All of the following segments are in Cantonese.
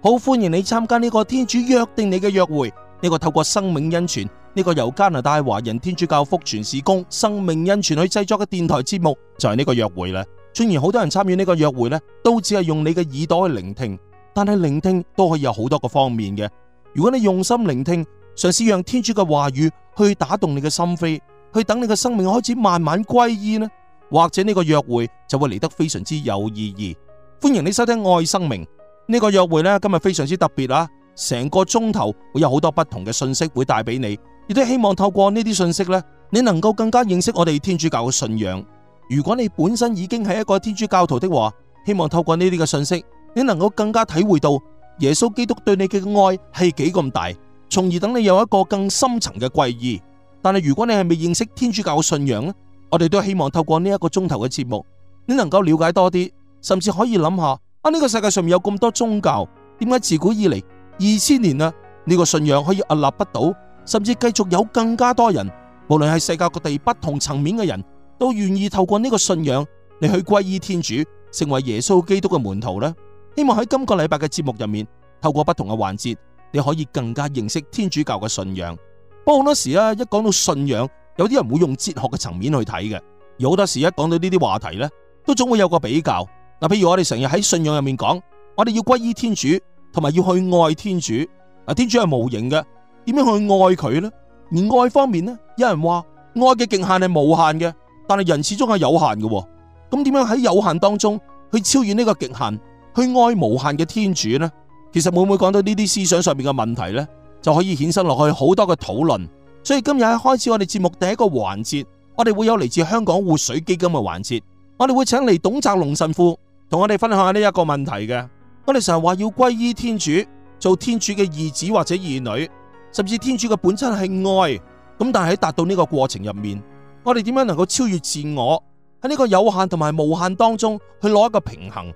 好，歡迎你參加呢個天主約定你嘅約會，呢個透過生命恩泉，呢個由加拿大華人天主教福傳事工生命恩泉去製作嘅電台節目就係呢個約會啦。雖然好多人參與呢個約會呢，都只係用你嘅耳朵去聆聽，但係聆聽都可以有好多個方面嘅。如果你用心聆聽，嘗試讓天主嘅話語去打動你嘅心扉，去等你嘅生命開始慢慢歸依呢，或者呢個約會就會嚟得非常之有意義。歡迎你收聽愛生命。呢個約會呢，今日非常之特別啦！成個鐘頭會有好多不同嘅信息會帶俾你，亦都希望透過呢啲信息呢，你能夠更加認識我哋天主教嘅信仰。如果你本身已經係一個天主教徒的話，希望透過呢啲嘅信息，你能夠更加體會到耶穌基督對你嘅愛係幾咁大，從而等你有一個更深層嘅歸依。但係如果你係未認識天主教嘅信仰呢，我哋都希望透過呢一個鐘頭嘅節目，你能夠了解多啲，甚至可以諗下，呢個世界上面有咁多宗教，點解自古以嚟二千年啦？呢個信仰可以屹立不倒，甚至繼續有更加多人，無論係世界各地不同層面嘅人都願意透過呢個信仰嚟去皈依天主，成為耶穌基督嘅門徒呢？希望喺今個禮拜嘅節目入面，透過不同嘅環節，你可以更加認識天主教嘅信仰。不過好多時啊，一講到信仰，有啲人會用哲學嘅層面去睇嘅，有好多時一講到呢啲話題呢，都總會有個比較。嗱，譬如我哋成日喺信仰入面講，我哋要皈依天主，同埋要去愛天主。天主係無形嘅，點樣去愛佢呢？而愛方面呢，有人話愛嘅極限係無限嘅，但係人始終係有限嘅。咁點樣喺有限當中去超越呢個極限，去愛無限嘅天主呢？其實每每講到呢啲思想上面嘅問題呢，就可以衍生落去好多嘅討論。所以今日開始我哋節目第一個環節，我哋會有嚟自香港活水基金嘅環節，我哋會請嚟董澤龍神父。同我哋分享下呢一個問題嘅，我哋成日話要歸依天主，做天主嘅兒子或者兒女，甚至天主嘅本身係愛。咁但係喺達到呢個過程入面，我哋點樣能夠超越自我？喺呢個有限同埋無限當中，去攞一個平衡，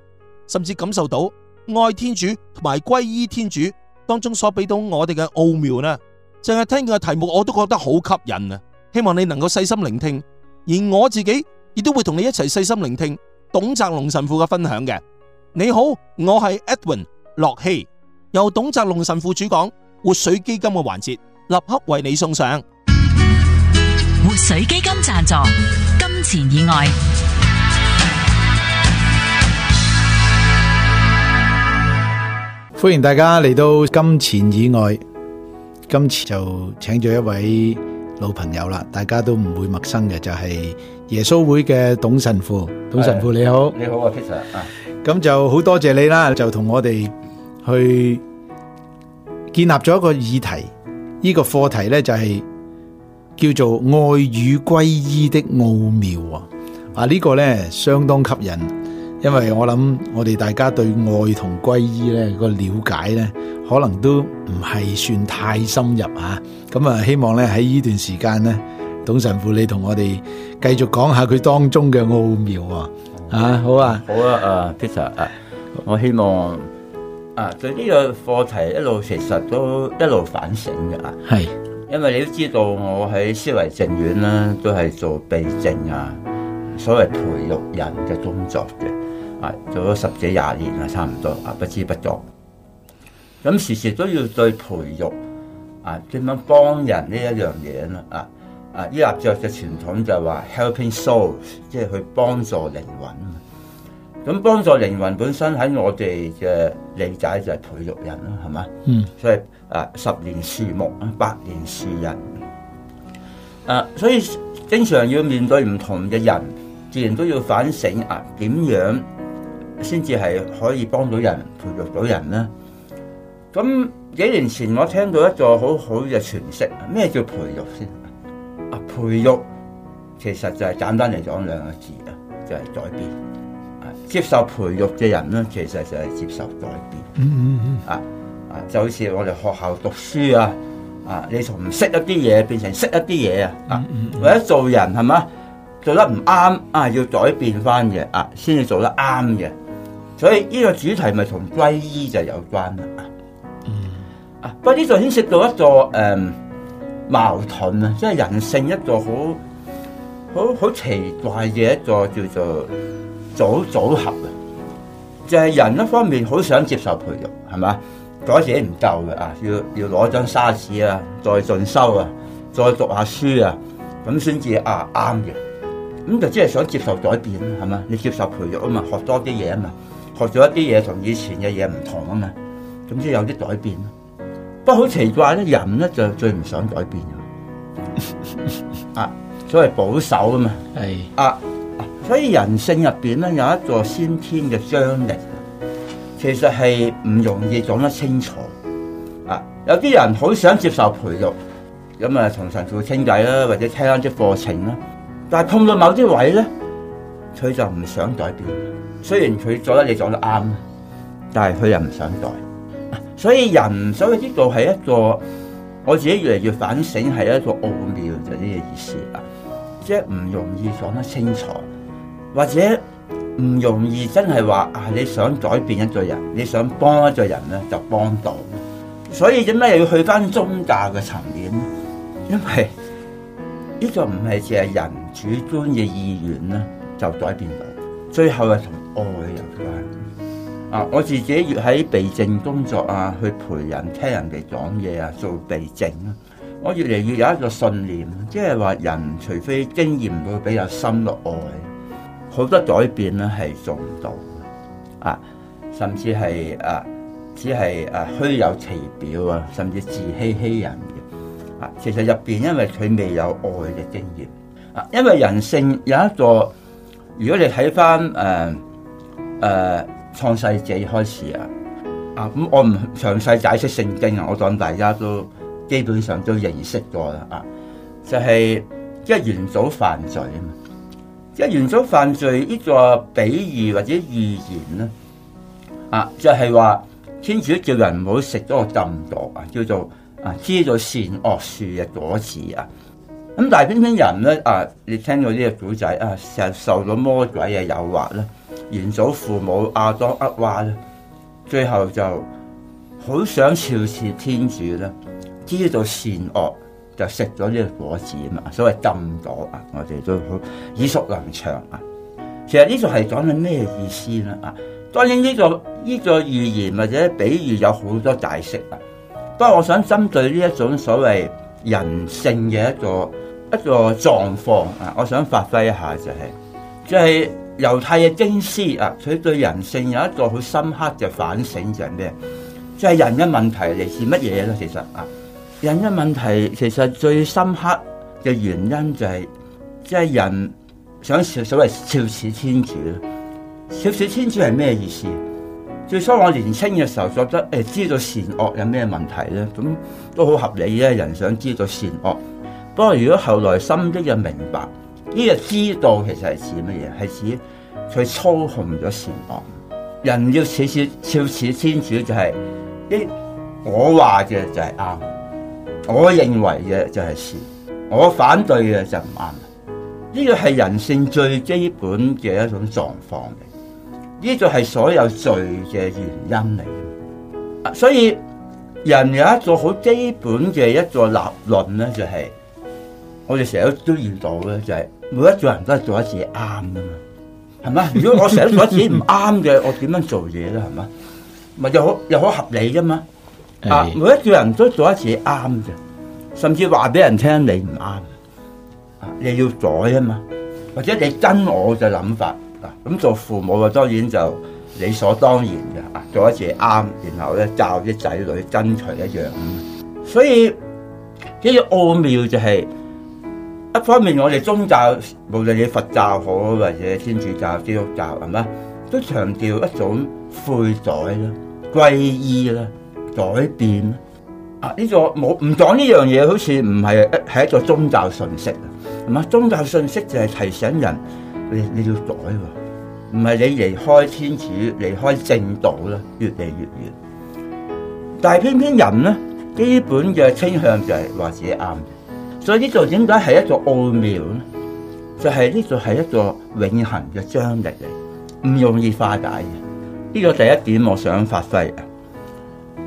甚至感受到愛天主同埋歸依天主當中所俾到我哋嘅奧妙呢？淨係聽佢嘅題目，我都覺得好吸引啊！希望你能夠細心聆聽，而我自己亦都會同你一齊細心聆聽。董澤龍神父嘅分享嘅。你好，我係 Edwin 駱曦，由董澤龍神父主講活水基金嘅環節，立刻為你送上活水基金贊助。金錢以外，歡迎大家嚟到金錢以外，今次就請咗一位老朋友啦，大家都唔會陌生嘅，就係。耶穌會嘅董神父，董神父的你好，你好啊 Peter 啊，咁就好多謝你啦，就同我哋去建立咗一個議題，呢、這個課題咧就係、是、叫做愛與歸依的奧妙啊，啊、這個、呢個咧相當吸引，因為我諗我哋大家對愛同歸依咧個了解咧，可能都唔係算太深入啊，咁啊希望咧喺呢段時間咧。董神父，你同我哋繼續講下佢當中嘅奧妙啊！啊，好啊，好啊，啊，Peter 啊，我希望啊，對呢個課題一路其實都一路反省嘅啊，係是，因為你都知道我喺思維靜院呢都係做避靜啊，所謂培育人嘅工作嘅啊，做咗十幾廿年啊，差唔多啊，不知不覺，咁時時都要對培育啊，點樣幫人呢一樣嘢啊！啊！依納爵嘅傳統就係話 helping souls，即係去幫助靈魂。咁幫助靈魂本身喺我哋嘅理解就係培育人啦，係嘛？嗯。所以啊，十年樹木啊，百年樹人。啊，所以經常要面對唔同嘅人，自然都要反省啊，點樣先至係可以幫到人、培育到人咧？咁幾年前我聽到一座好好嘅詮釋，咩叫培育先？培育其實就係簡單嚟講兩個字啊，就係、是、改變、啊。接受培育嘅人咧，其實就係接受改變。啊、嗯嗯嗯、啊，就好似我哋學校讀書啊，啊，你從唔識一啲嘢變成識一啲嘢啊嗯。嗯。或、嗯、者做人係嘛，做得唔啱啊，要改變翻嘅啊，先至做得啱嘅。所以呢個主題咪同皈依就有關啦。嗯。啊，不過呢度牽涉到一個誒。嗯矛盾啊，即係人性一個好好好奇怪嘅一個叫做組組合啊，就係、是、人一方面好想接受培育，係嘛，改寫唔夠嘅啊，要要攞張沙紙啊，再進修啊，再讀下書啊，咁先至啊啱嘅，咁就即係想接受改變啦，係嘛，你接受培育啊嘛，學多啲嘢啊嘛，學咗一啲嘢同以前嘅嘢唔同啊嘛，總之有啲改變。不過好奇怪咧，人咧就最唔想改變了， 啊，所謂保守啊嘛，係是啊，所以人性入邊咧有一座先天嘅張力，其實係唔容易講得清楚。啊，有啲人好想接受培育，咁啊同神父傾偈啦，或者聽返啲課程啦，但係碰到某啲位咧，佢就唔想，想改變。雖然佢講得嘢講得啱，但係佢又唔想改。所以人，所以呢度係一個我自己越嚟越反省係一個奧妙就呢個意思啦，即係唔容易講得清楚，或者唔容易真係話你想改變一個人，你想幫一個人咧就幫到。所以點解又要去翻宗教嘅層面？因為呢個唔係淨係人主觀嘅意願啦，就改變到最後係同愛有關。啊！我自己越喺避靜工作啊，去陪人聽人哋講嘢啊，做避靜啊，我越嚟越有一個信念，即係話人除非經驗會比較深落愛，好多改變咧係做唔到啊，甚至係啊，只係啊虛有其表啊，甚至自欺欺人嘅啊，其實入邊因為佢未有愛嘅經驗啊，因為人性有一個，如果你睇返誒誒，呃呃創世紀開始啊，啊咁我唔詳細解釋聖經啊，我當大家都基本上都認識咗啦啊，就係即係元祖犯罪啊，即係元祖犯罪呢個比喻或者預言咧，啊就係話天主叫人唔好食多禁果，啊，叫做啊知咗善惡樹嘅果子啊。咁但係偏偏人咧啊，你聽到呢個古仔啊，成日受咗魔鬼嘅誘惑咧，元祖父母阿當厄娃咧，最後就好想挑戰天主咧，知道善惡就食咗呢個果子啊，所謂禁果啊，我哋都好耳熟能詳啊。其實呢個係講緊咩意思咧啊？當然呢、這個呢、這個寓言或者比喻有好多解釋啊。不過我想針對呢一種所謂。人性嘅一個一個狀況啊，我想發揮一下就係，就係猶太嘅經師啊，佢對人性有一個好深刻嘅反省就係咩？就係人嘅問題嚟自乜嘢咧？其實啊，人嘅問題其實最深刻嘅原因就係，即係人想所謂肖似天主咯。肖似天主係咩意思？最初我年青嘅時候覺得，誒知道善惡有咩問題咧？咁都好合理嘅。人想知道善惡。不過如果後來深啲就明白，呢個知道其實係指乜嘢？係指佢操控咗善惡。人要似似超似天主，就係，我說的就係啲我話嘅就係啱，我認為嘅就係善，我反對嘅就唔啱。呢個係人性最基本嘅一種狀況嚟。呢就係所有罪嘅原因嚟，所以人有一個好基本嘅一個立論咧，就係我哋成日都見到嘅，就係每一個人都做一次啱噶嘛，係咪？如果我成日做一次唔啱嘅，我點樣做嘢咧？係咪？咪又好又好合理噶嘛？啊，每一個人都做一次啱嘅，甚至話俾人聽你唔啱，你要改啊嘛？或者你跟我嘅諗法？咁做父母啊，當然就理所當然嘅，做一次啱，然後咧教啲仔女爭取一樣咁。所以呢個奧妙就係、是、一方面，我哋宗教，無論你佛教、好，或者天主教、基督教，係嘛，都強調一種悔改啦、皈依啦、改變啊，呢、這個冇唔講呢樣嘢，好似唔係一係一個宗教信息啊？係嘛，宗教信息就係提醒人。你你要改喎，唔係你離開天主，離開正道咧，越嚟越遠。但係偏偏人咧，基本嘅傾向就係話自己啱，所以呢度點解係一個奧妙咧？就係呢度係一個永恆嘅張力嚟，唔容易化解嘅。呢個第一點我想發揮。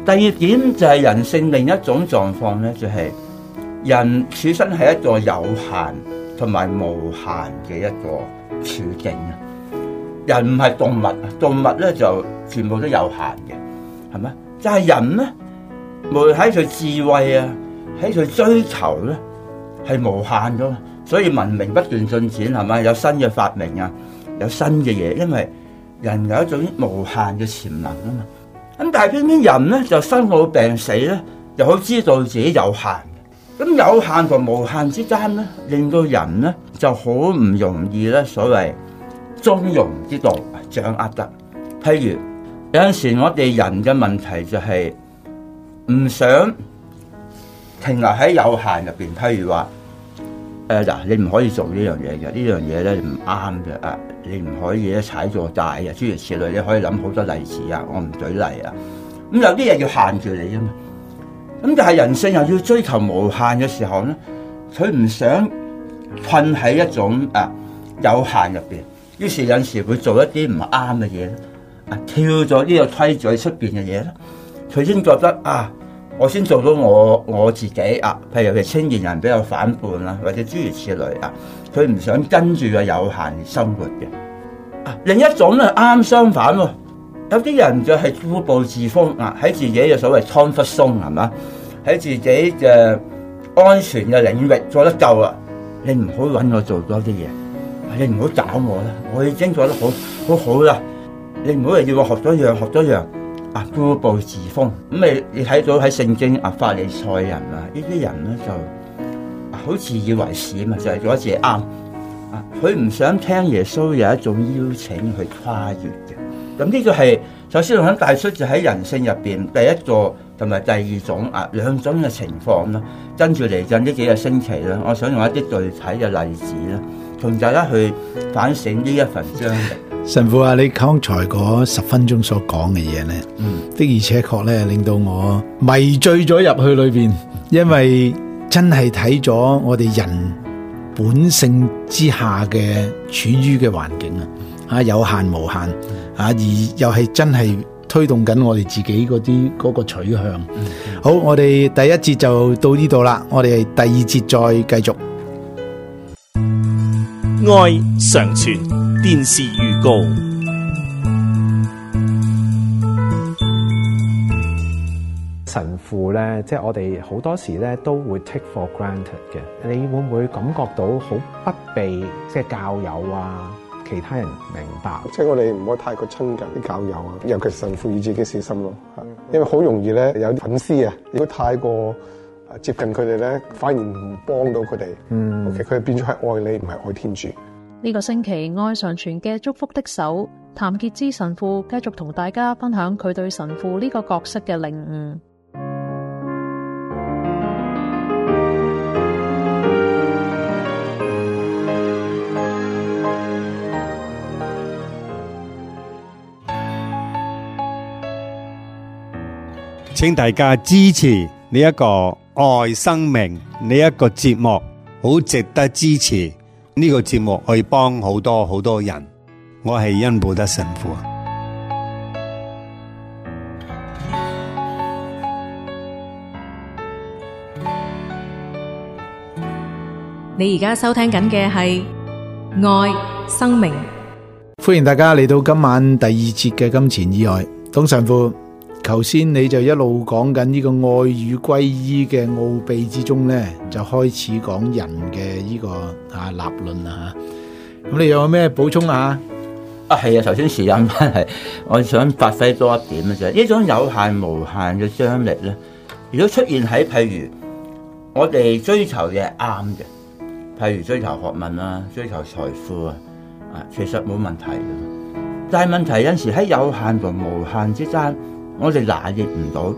第二點就係人性另一種狀況咧，就係人處身係一個有限同埋無限嘅一個。處境啊！人唔係動物，動物咧就全部都有限嘅，係咪？就係人咧，無論喺佢智慧啊，喺佢追求咧，係無限噶嘛。所以文明不斷進展，係咪有新嘅發明啊，有新嘅嘢？因為人有一種無限嘅潛能啊嘛。咁但係偏偏人咧就生老病死咧，又好知道自己有限。咁有限同無限之間咧，令到人咧。就好唔容易咧，所謂中庸之道掌握得。譬如有陣時我哋人嘅問題就係唔想停留喺有限入邊，譬如話誒嗱，你唔可以做呢樣嘢嘅，呢樣嘢咧唔啱嘅啊，你唔可以咧踩座大啊，諸如此類，你可以諗好多例子啊，我唔舉例啊。咁有啲嘢要限住你啊嘛。咁但係人性又要追求無限嘅時候咧，佢唔想。困喺一種啊有限入邊，於是有時會做一啲唔啱嘅嘢咧，啊跳咗呢個規矩出邊嘅嘢咧，佢先覺得啊，我先做到我我自己啊。譬如其青年人比較反叛啦，或者諸如此類啊，佢唔想跟住個有限生活嘅、啊。另一種咧啱、啊、相反、啊、有啲人就係固步自封啊，喺自己嘅所謂倉忽松係嘛，喺自己嘅安全嘅領域做得夠啦。你唔好揾我做多啲嘢，你唔好搞我啦，我已經做得好好好啦。你唔好話要我學咗樣學咗樣，啊固步自封。咁你你睇到喺聖經阿法利賽人啊，呢啲人咧就好自以為是啊嘛，就係覺得自己啱啊，佢唔想聽耶穌有一種邀請去跨越嘅。咁呢個係。首先喺大叔就喺人性入邊第一座同埋第二種啊，兩種嘅情況啦，跟住嚟近呢幾個星期咧，我想用一啲具體嘅例子啦，同大家去反省呢一份章嚟。神父啊，你剛才嗰十分鐘所講嘅嘢咧，嗯，的而且確咧令到我迷醉咗入去裏邊，因為真係睇咗我哋人本性之下嘅處於嘅環境啊，啊，有限無限。啊！而又係真係推動緊我哋自己嗰啲個取向好。嗯、好，我哋第一節就到呢度啦。我哋第二節再繼續。愛常傳電視預告。神父咧，即係我哋好多時咧都會 take for granted 嘅。你會唔會感覺到好不被即係教友啊？其他人明白，即係我哋唔好太過親近啲教友啊，尤其是神父要自己小心咯，因為好容易咧有啲粉絲啊，如果太過接近佢哋咧，反而唔幫到佢哋，其實佢變咗係愛你，唔係愛天主。呢個星期愛常傳嘅祝福的手，譚傑之神父繼續同大家分享佢對神父呢個角色嘅領悟。請大家支持呢一個愛生命呢一個節目，好值得支持呢個節目，可以幫好多好多人。我係恩保德神父。你而家收聽緊嘅係愛生命，歡迎大家嚟到今晚第二節嘅金錢以外，董神父。頭先你就一路講緊呢個愛與歸依嘅奧秘之中咧，就開始講人嘅呢個啊立論啦吓。咁你有咩補充啊？啊係啊，頭先時間翻嚟，我想發揮多一點嘅啫。呢種有限無限嘅張力咧，如果出現喺譬如我哋追求嘅啱嘅，譬如追求學問啊、追求財富啊，啊其實冇問題嘅。但係問題有陣時喺有限同無限之間。我哋拿捏唔到，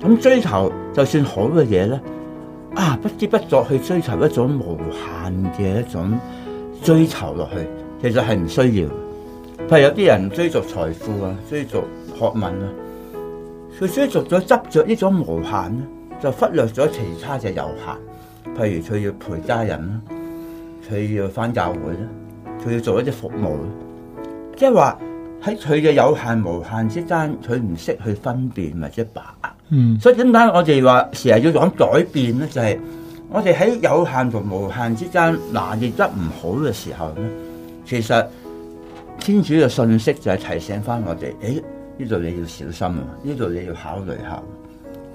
咁追求就算好嘅嘢咧，啊不知不覺去追求一種無限嘅一種追求落去，其實係唔需要嘅。譬如有啲人追逐財富啊，追逐學問啊，佢追逐咗執着呢種無限咧，就忽略咗其他嘅有限。譬如佢要陪家人啦，佢要返教會啦，佢要做一啲服務，即係話。喺佢嘅有限無限之間，佢唔識去分辨或者把握，嗯，所以點解我哋話成日要講改變咧？就係、是、我哋喺有限同無限之間拿捏得唔好嘅時候咧，其實天主嘅訊息就係提醒翻我哋，咦，呢度你要小心啊，呢度你要考慮下。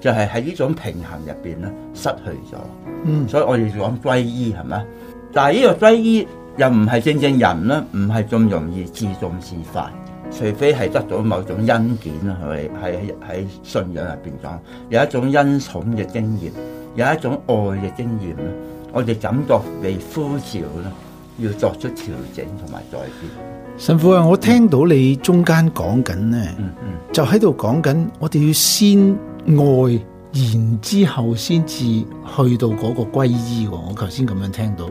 就係喺呢種平衡入邊咧，失去咗，嗯，所以我哋講皈依係咪？但係呢個皈依又唔係正正人咧，唔係咁容易自重自犯。除非係得到某種恩典，係係喺信仰入邊講，有一種恩寵嘅經驗，有一種愛嘅經驗咯，我哋感覺被呼召咯，要作出調整同埋再變。神父啊，我聽到你中間講緊咧，嗯嗯，就喺度講緊，我哋要先愛，然之後先至去到嗰個歸依。我頭先咁樣聽到。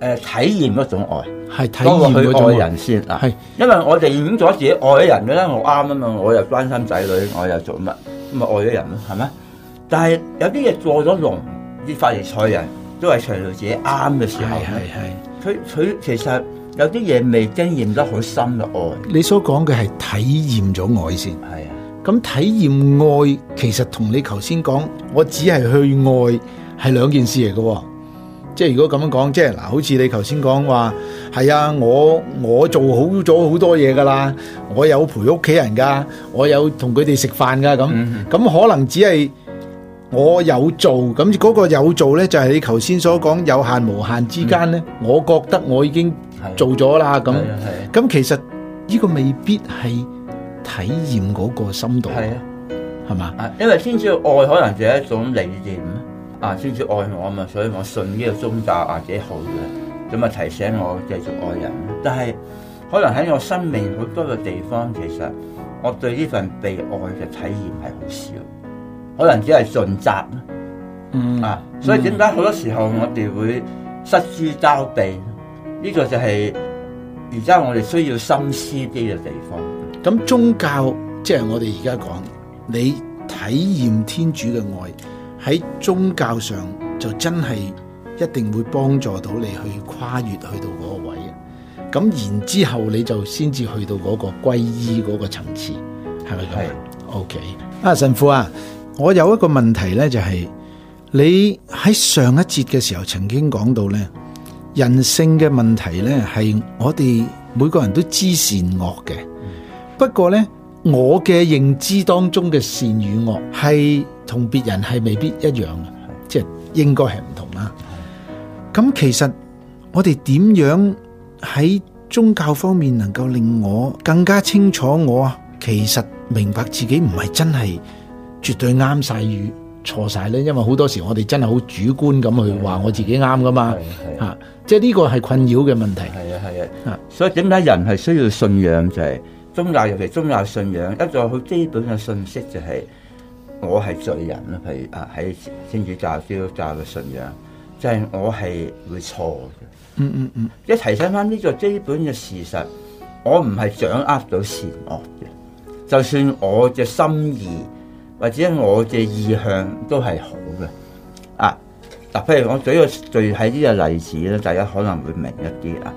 誒，體驗一種愛，係體驗嗰種愛。係，是因為我哋演咗自己愛人嘅啦，我啱啊嘛，我又關心仔女，我又做乜，咁咪愛咗人咯，係咪？但係有啲嘢做咗龍，啲法利賽人，都係隨住自己啱嘅時候。係係。佢佢其實有啲嘢未經驗得好深嘅愛。你所講嘅係體驗咗愛先。係啊。咁體驗愛，其實同你頭先講，我只係去愛，係兩件事嚟嘅。即係如果咁樣講，即係嗱，好似你頭先講話係啊，我我做好咗好多嘢噶啦，我有陪屋企人噶，我有同佢哋食飯噶咁，咁、嗯、哼可能只係我有做，咁嗰個有做咧就係、是、你頭先所講有限無限之間咧，嗯、我覺得我已經做咗啦，咁咁其實呢個未必係體驗嗰個深度，係嘛？啊，吧因為先知道愛可能就係一種理念。啊，先至愛我啊嘛，所以我信呢個宗教或者、啊、好嘅，咁啊提醒我繼續愛人。但係可能喺我生命好多個地方，其實我對呢份被愛嘅體驗係好少，可能只係盡責，嗯啊，所以點解好多時候我哋會失之交臂？呢、呢個就係而家我哋需要深思啲嘅地方。咁宗教即係、即係、我哋而家講，你體驗天主嘅愛。喺宗教上就真係一定會幫助到你去跨越去到嗰個位，咁然之後你就先至去到嗰個皈依嗰個層次，係咪咁 OK，啊神父啊，我有一個問題咧、就是，就係你喺上一節嘅時候曾經講到咧，人性嘅問題咧係我哋每個人都知善惡嘅，不過咧我嘅認知當中嘅善與惡係。同別人係未必一樣嘅，即係應該係唔同啦。咁其實我哋點樣喺宗教方面能夠令我更加清楚我其實明白自己唔係真係絕對啱晒語錯晒咧，因為好多時我哋真係好主觀咁去話我自己啱噶嘛。吓，即係呢個係困擾嘅問題。係啊係啊，所以點解人係需要信仰，就係、是、宗教，尤其宗教信仰一個好基本嘅信息就係、是。我係罪人咯，譬如啊喺天主教、基督教嘅信仰，即係我係會錯嘅。嗯嗯嗯，一提醒翻呢個基本嘅事實，我唔係掌握到善惡嘅。就算我嘅心意或者我嘅意向都係好嘅。啊，嗱，譬如我舉個最簡單嘅例子咧，大家可能會明一啲啊。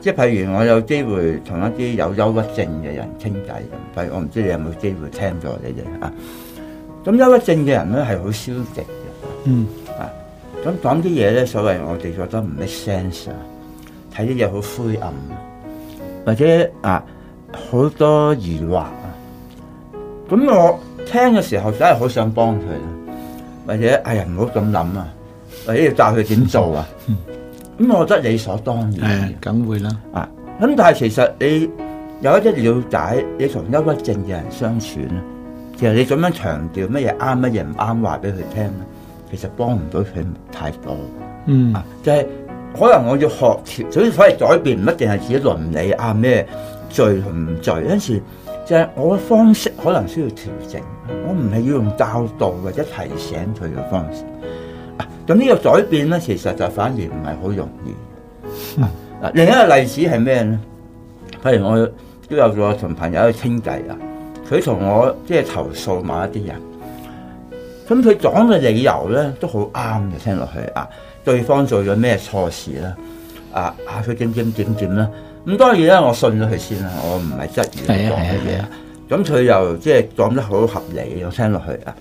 即係譬如我有機會同一啲有憂鬱症嘅人傾偈咁，譬如我唔知你有冇機會聽咗呢啲啊。咁憂鬱症嘅人咧係好消極嘅，嗯啊，咁講啲嘢咧，所謂我哋覺得唔 make sense 啊，睇啲嘢好灰暗，或者啊好多疑惑啊，咁我聽嘅時候真係好想幫佢咯，或者哎呀，唔好咁諗啊，或者要教佢點做啊，咁、嗯嗯、我覺得理所當然，係啊、嗯，梗會啦，啊咁但係其實你有一啲了解你同憂鬱症嘅人相處咧。就是其實你咁樣強調乜嘢啱乜嘢唔啱，話俾佢聽，其實幫唔到佢太多。嗯，就係可能我要學調，所以所謂改變唔一定係自己倫理啊咩罪同唔罪，有時就係我嘅方式可能需要調整。我唔係要用教導或者提醒佢嘅方式。咁呢個改變咧，其實就反而唔係好容易。啊、嗯，另一個例子係咩咧？譬如我都有咗同朋友去傾偈啊。佢同我即係投訴某一啲人，咁佢講嘅理由咧都好啱嘅，聽落去啊。對方做咗咩錯事咧？啊啊，佢點點點點咧，咁當然咧，我信咗佢先啦，我唔係質疑佢講乜嘢。咁佢、啊啊啊、又即係講得好合理，我聽落去啊。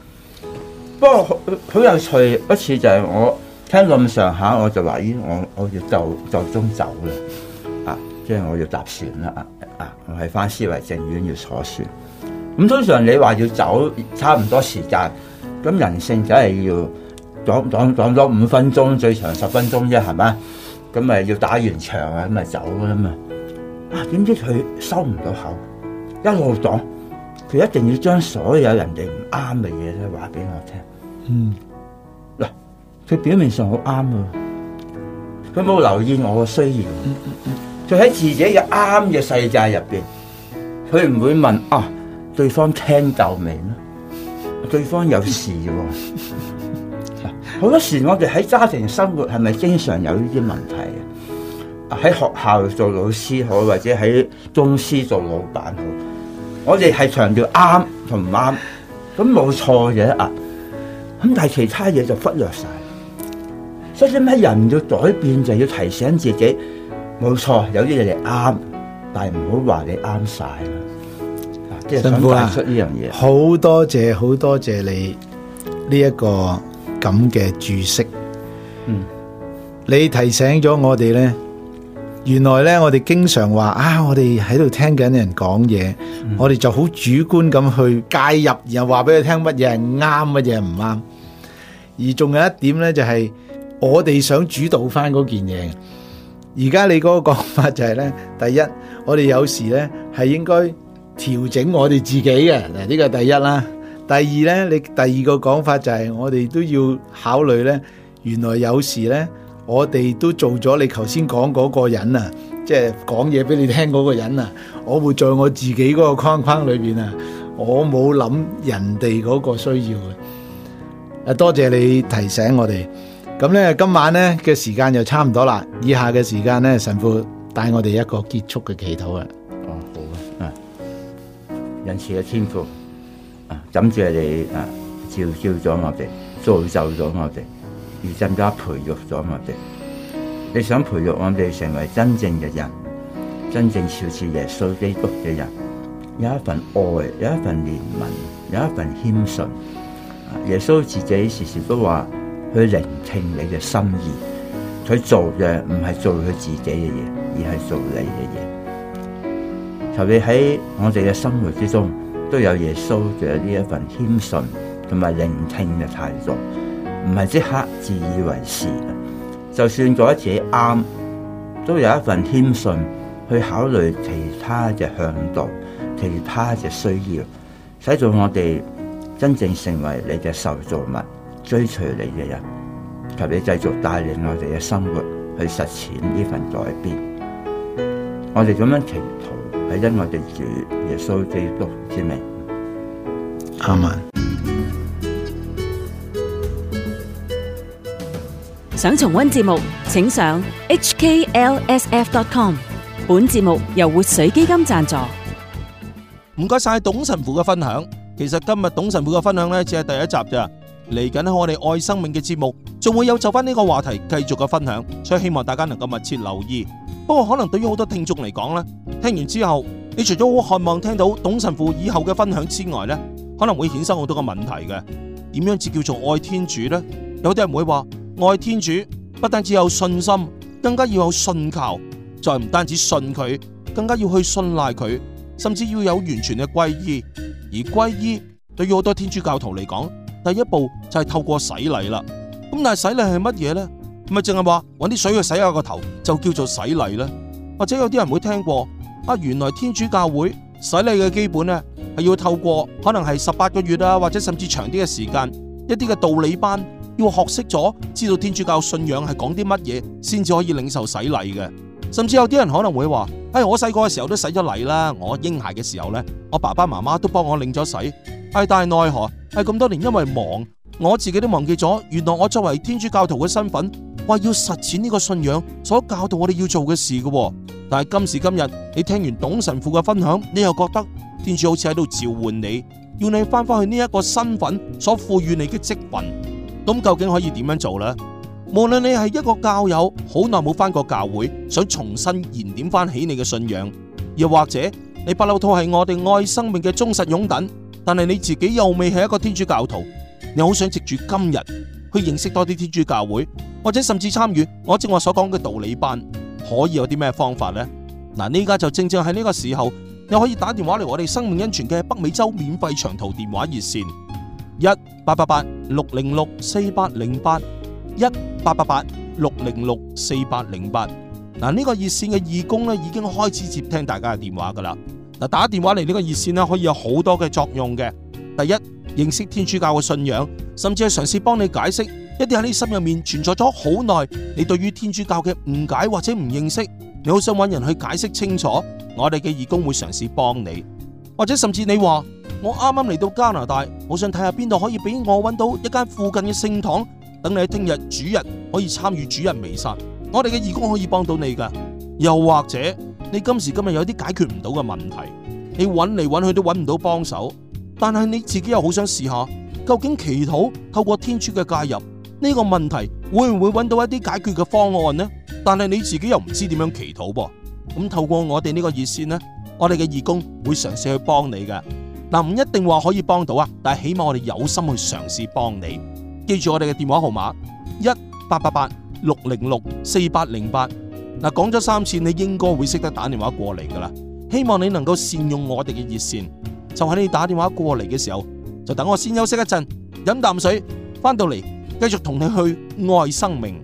不過好有趣，一次就係我聽咁上下，我就話，咦，我我要就就鐘走啦，啊，即、就、係、是、我要搭船啦，啊啊，我係返思維靜院要坐船。咁通常你話要走差唔多時間，咁人性梗係要講講講多五分鐘，最長十分鐘啫，係咪？咁咪要打完場啊，咁咪走啦嘛。啊，點知佢收唔到口，一路講，佢一定要將所有人哋唔啱嘅嘢咧，話俾我聽。嗯。嗱，佢表面上好啱啊，佢冇留意我嘅需要。佢、嗯、喺、嗯嗯、自己嘅啱嘅世界入邊，佢唔會問啊。對方聽夠未咯？對方有事喎，好多時我哋喺家庭生活係咪經常有呢啲問題啊？喺學校做老師好，或者喺公司做老闆好，我哋係強調啱同唔啱，咁冇錯嘅啊。咁但係其他嘢就忽略晒，所以咩人要改變就要提醒自己，冇錯有啲嘢你啱，但係唔好話你啱晒。辛苦啦！好多謝，好多謝你呢一個咁嘅注釋。嗯，你提醒咗我哋咧，原來咧我哋經常話啊，我哋喺度聽緊啲人講嘢，我哋就好主觀咁去介入，然後話俾佢聽乜嘢係啱，乜嘢係唔啱。而仲有一點咧，就係我哋想主導翻嗰件嘢。而家你嗰個講法就係咧，第一，我哋有時咧係應該。調整我哋自己嘅，嗱，呢個第一啦。第二呢，你第二個講法就係我哋都要考慮呢。原來有時呢，我哋都做咗你頭先講嗰個人啊，即係講嘢俾你聽嗰個人啊，我會在我自己嗰個框框裏邊啊，我冇諗人哋嗰個需要嘅。多謝你提醒我哋。咁呢，今晚呢嘅時間就差唔多啦。以下嘅時間呢，神父帶我哋一個結束嘅祈禱啊。人子嘅天父啊，感謝你啊照照咗我哋造就咗我哋，而增加培育咗我哋。你想培育我哋成為真正嘅人，真正肖似耶穌基督嘅人，有一份愛，有一份憐憫，有一份，有一份謙遜。耶穌自己時時都話去聆聽你嘅心意，佢做嘅唔係做佢自己嘅嘢，而係做你嘅嘢。求你喺我哋嘅生活之中，都有耶穌嘅呢一份謙遜同埋聆聽嘅態度，唔係即刻自以為是。就算做一啲啱，都有一份謙遜去考慮其他嘅向導，其他嘅需要，使到我哋真正成為你嘅受造物，追隨你嘅人，求你繼續帶領我哋嘅生活去實踐呢份改變。我哋咁樣祈。係因我哋主耶穌基督之名，阿門。想重温節目，請上 hklsf.com。本節目由活水基金贊助。唔該晒董神父嘅分享。其實今日董神父嘅分享呢，只係第一集咋。嚟緊我哋愛生命嘅節目，仲會有就翻呢個話題繼續嘅分享，所以希望大家能夠密切留意。不過可能對於好多聽眾嚟講咧，聽完之後，你除咗好渴望聽到董神父以後嘅分享之外咧，可能會衍生好多嘅問題嘅。點樣至叫做愛天主呢？有啲人會話愛天主不單止有信心，更加要有信靠，就係唔單止信佢，更加要去信賴佢，甚至要有完全嘅皈依。而皈依對於好多天主教徒嚟講，第一步就係透過洗禮啦。咁但係洗禮係乜嘢呢？咪淨係話搵啲水去洗下個頭就叫做洗禮咧？或者有啲人會聽過啊？原來天主教會洗禮嘅基本咧，係要透過可能係十八個月啊，或者甚至長啲嘅時間，一啲嘅道理班要學識咗，知道天主教信仰係講啲乜嘢，先至可以領受洗禮嘅。甚至有啲人可能會話，哎，我細個嘅時候都洗咗禮啦，我嬰孩嘅時候咧，我爸爸媽媽都幫我領咗洗。係，但係奈何係咁多年因為忙，我自己都忘記咗，原來我作為天主教徒嘅身份。話要實踐呢個信仰所教導我哋要做嘅事嘅，但係今時今日，你聽完董神父嘅分享，你又覺得天主好似喺度召喚你，要你翻翻去呢一個身份所賦予你嘅職份。咁究竟可以點樣做呢？無論你係一個教友，好耐冇翻過教會，想重新燃點翻起你嘅信仰，又或者你一路都係我哋愛生命嘅忠實擁躉，但係你自己又未係一個天主教徒，你好想藉住今日。可以認識多啲天主教會，或者甚至參與我正我所講嘅道理班，可以有啲咩方法呢？嗱，呢家就正正喺呢個時候，你可以打電話嚟我哋生命恩泉嘅北美洲免費長途電話熱線一八八八六零六四八零八一八八八六零六四八零八。嗱，呢個熱線嘅義工咧已經開始接聽大家嘅電話噶啦。嗱，打電話嚟呢個熱線咧，可以有好多嘅作用嘅。第一，認識天主教嘅信仰。甚至係嘗試幫你解釋一啲喺你心入面存在咗好耐，你對於天主教嘅誤解或者唔認識，你好想揾人去解釋清楚。我哋嘅義工會嘗試幫你，或者甚至你話我啱啱嚟到加拿大，我想睇下邊度可以俾我揾到一間附近嘅聖堂，等你喺聽日主日可以參與主日彌撒。我哋嘅義工可以幫到你噶。又或者你今時今日有啲解決唔到嘅問題，你揾嚟揾去都揾唔到幫手，但係你自己又好想試下。究竟祈禱透過天主嘅介入呢個問題會唔會揾到一啲解決嘅方案呢？但係你自己又唔知點樣祈禱噃。咁透過我哋呢個熱線呢，我哋嘅義工會嘗試去幫你嘅。嗱，唔一定話可以幫到啊，但係起碼我哋有心去嘗試幫你。記住我哋嘅電話號碼一八八八六零六四八零八。嗱，講咗三次，你應該會識得打電話過嚟噶啦。希望你能夠善用我哋嘅熱線，就喺你打電話過嚟嘅時候。就等我先休息一陣，飲啖水，翻到嚟繼續同你去愛生命。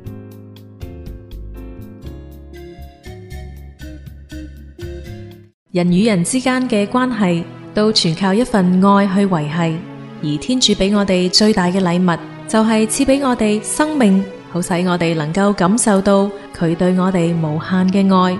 人與人之間嘅關係，都全靠一份愛去維繫。而天主俾我哋最大嘅禮物，就係賜俾我哋生命，好使我哋能夠感受到佢對我哋無限嘅愛。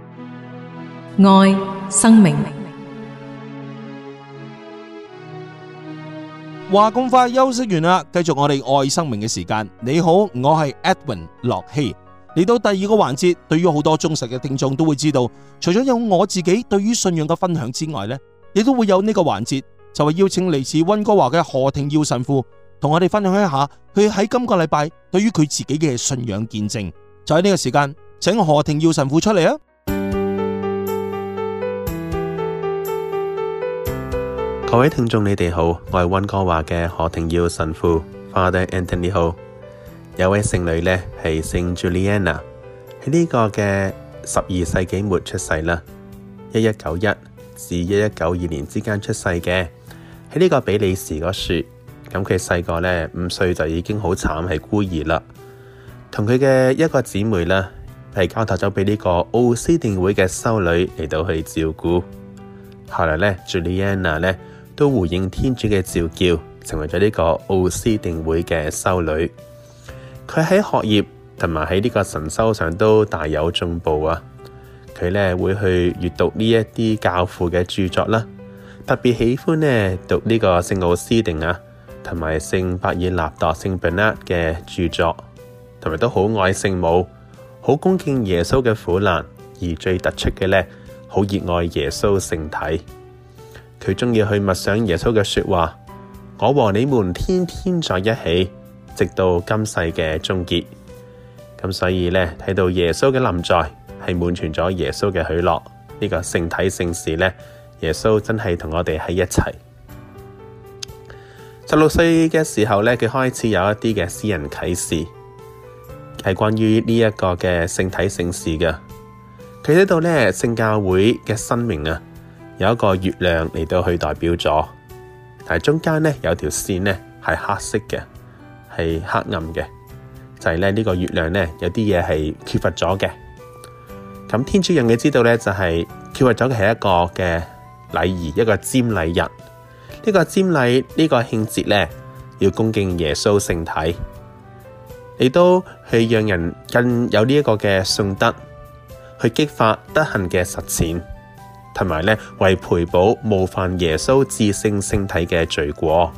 愛生命，話咁快休息完啦，繼續我哋愛生命嘅時間。你好，我係 Edwin 駱曦，嚟到第二個環節。對於好多忠實嘅聽眾都會知道，除咗有我自己對於信仰嘅分享之外呢，亦都會有呢個環節，就係邀請嚟自溫哥華嘅何廷耀神父同我哋分享一下佢喺今個禮拜對於佢自己嘅信仰見證。就喺呢個時間，請何廷耀神父出嚟啊！各位聽眾，你哋好，我係溫哥華嘅何廷耀神父 Father Anthony。好，有位聖女呢係聖 Juliana，喺呢個嘅十二世紀末出世啦，一一九一至一一九二年之間出世嘅，喺呢個比利時個雪。咁佢細個呢五歲就已經好慘，係孤兒啦。同佢嘅一個姊妹咧，係交託咗俾呢個奧斯定會嘅修女嚟到去照顧。後來呢 Juliana 呢。都回應天主嘅召叫，成為咗呢個奧斯定會嘅修女。佢喺學業同埋喺呢個神修上都大有進步啊！佢呢會去閱讀呢一啲教父嘅著作啦，特別喜歡呢讀呢個聖奧斯定啊，同埋聖伯爾納鐸、聖本納嘅著作，同埋都好愛聖母，好恭敬耶穌嘅苦難，而最突出嘅呢，好熱愛耶穌聖體。佢鍾意去默想耶穌嘅說話，我和你們天天在一起，直到今世嘅終結。咁所以呢，睇到耶穌嘅臨在係滿全咗耶穌嘅許諾呢、這個聖體聖事呢，耶穌真係同我哋喺一齊。十六歲嘅時候呢，佢開始有一啲嘅私人啟示，係關於呢一個嘅聖體聖事嘅。佢喺度呢聖教會嘅生命啊。有一個月亮嚟到去代表咗，但係中間呢有條線呢係黑色嘅，係黑暗嘅，就係、是、咧呢、呢個月亮呢，有啲嘢係缺乏咗嘅。咁天主讓你知道呢，就係、是、缺乏咗嘅係一個嘅禮儀，一個瞻禮日。呢、呢個瞻禮呢個慶節呢，要恭敬耶穌聖體，你都去讓人更有呢一個嘅信德，去激發德行嘅實踐。同埋咧，為賠補冒犯耶穌至聖聖體嘅罪過，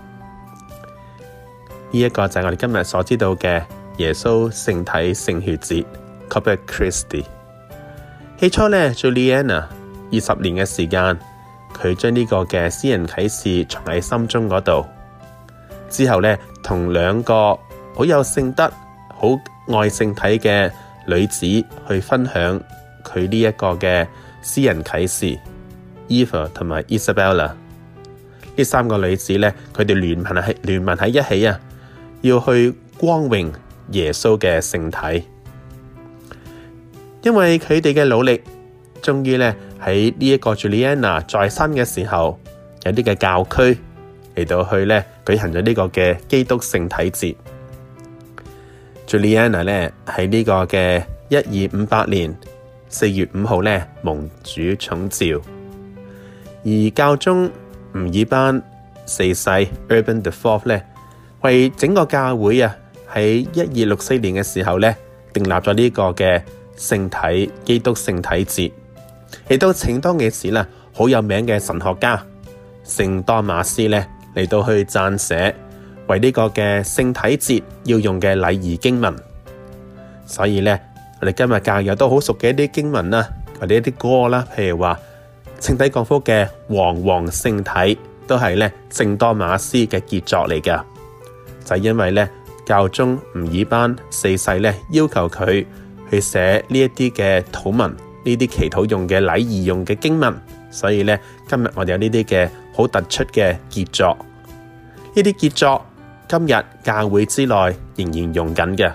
呢、這、一個就係我哋今日所知道嘅耶穌聖體聖血節 Corpus Christi）。起初咧，Juliana 二十年嘅時間，佢將呢個嘅私人啟示藏喺心中嗰度，之後咧，同兩個好有聖德、好愛聖體嘅女子去分享佢呢一個嘅私人啟示。Eva 同埋 Isabella 呢三個女子呢，佢哋聯繫、喺聯繫在一起啊，要去光榮耶穌嘅聖體。因為佢哋嘅努力，終於呢在這喺呢一個 Juliana 在生嘅時候，有啲嘅教區嚟到去咧舉行咗呢個嘅基督聖體節。Juliana 咧喺呢在這個嘅一二五八年四月五號呢，蒙主寵召。而教宗吳爾班四世 Urban The f u i t Urban IV 咧，為整個教會啊，喺一二六四年嘅時候咧，訂立咗呢個嘅聖體基督聖體節，亦都請當其時啦，好有名嘅神學家聖多馬斯咧嚟到去撰寫為呢個嘅聖體節要用嘅禮儀經文，所以咧我哋今日教友都好熟嘅一啲經文啦，或者一啲歌啦，譬如話。聖體降福嘅《皇皇聖體》都係咧聖多馬斯嘅傑作嚟㗎，就係、因為咧教宗吳爾班四世咧要求佢去寫呢一啲嘅禱文、呢啲祈禱用嘅禮儀用嘅經文，所以咧今日我哋有呢啲嘅好突出嘅傑作，呢啲傑作今日教會之內仍然用緊嘅，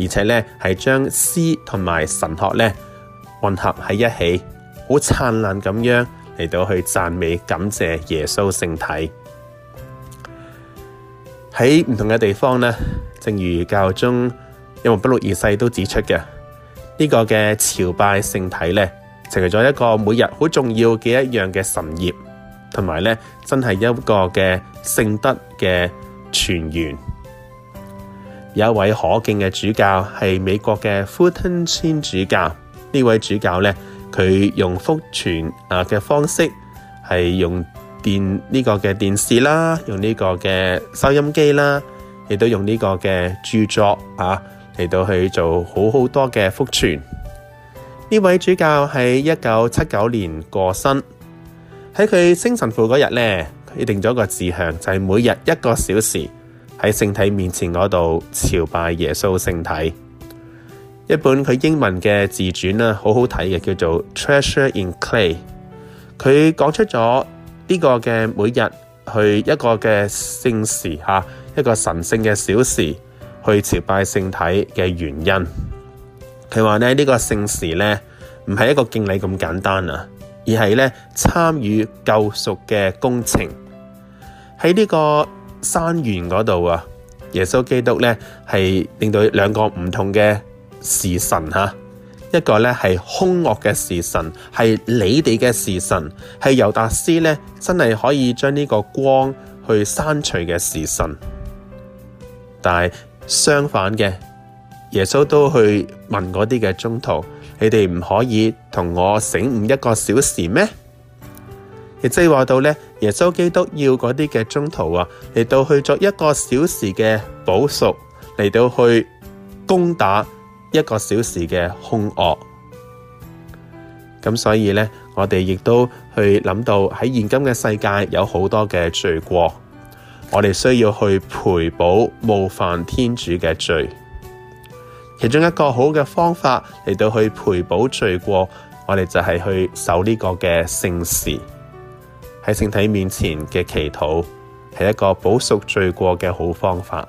而且咧係將詩同埋神學咧混合喺一起。好燦爛咁樣嚟到去讚美感謝耶穌聖體。喺唔同嘅地方咧，正如教宗若望保祿二世都指出嘅，呢、這個嘅朝拜聖體咧，成為咗一個每日好重要嘅一樣嘅神業，同埋咧真係一個嘅聖德嘅泉源。有一位可敬嘅主教係美國嘅富廷千主教，呢位主教咧。佢用福傳啊嘅方式，係用電呢、這個嘅電視啦，用呢個嘅收音機啦，亦都用呢個嘅著作啊，嚟到去做好好多嘅福傳。呢位主教喺一九七九年過身，喺佢升神父嗰日呢，佢定咗個志向，就係、是、每日一個小時喺聖體面前嗰度朝拜耶穌聖體。一本佢英文嘅自傳啦，好好睇嘅，叫做《Treasure in Clay》。佢講出咗呢個嘅每日去一個嘅聖時，一個神聖嘅小時去朝拜聖體嘅原因。佢話呢，呢、這個聖時呢，唔係一個敬禮咁簡單啊，而係呢，參與救贖嘅工程喺呢個山園嗰度啊。耶穌基督呢，係令到兩個唔同嘅。時辰吓，一個咧係凶惡嘅時辰，係你哋嘅時辰，係尤達斯咧，真係可以將呢個光去刪除嘅時辰。但係相反嘅，耶穌都去問嗰啲嘅中途，你哋唔可以同我醒悟一個小時咩？亦即係話到咧，耶穌基督要嗰啲嘅中途啊，嚟到去作一個小時嘅補贖，嚟到去攻打一個小時嘅凶惡，噉所以呢，我哋亦都去諗到喺現今嘅世界有好多嘅罪過，我哋需要去賠補冒犯天主嘅罪。其中一個好嘅方法嚟到去賠補罪過，我哋就係去守呢個嘅聖時，喺聖體面前嘅祈禱係一個補贖罪過嘅好方法。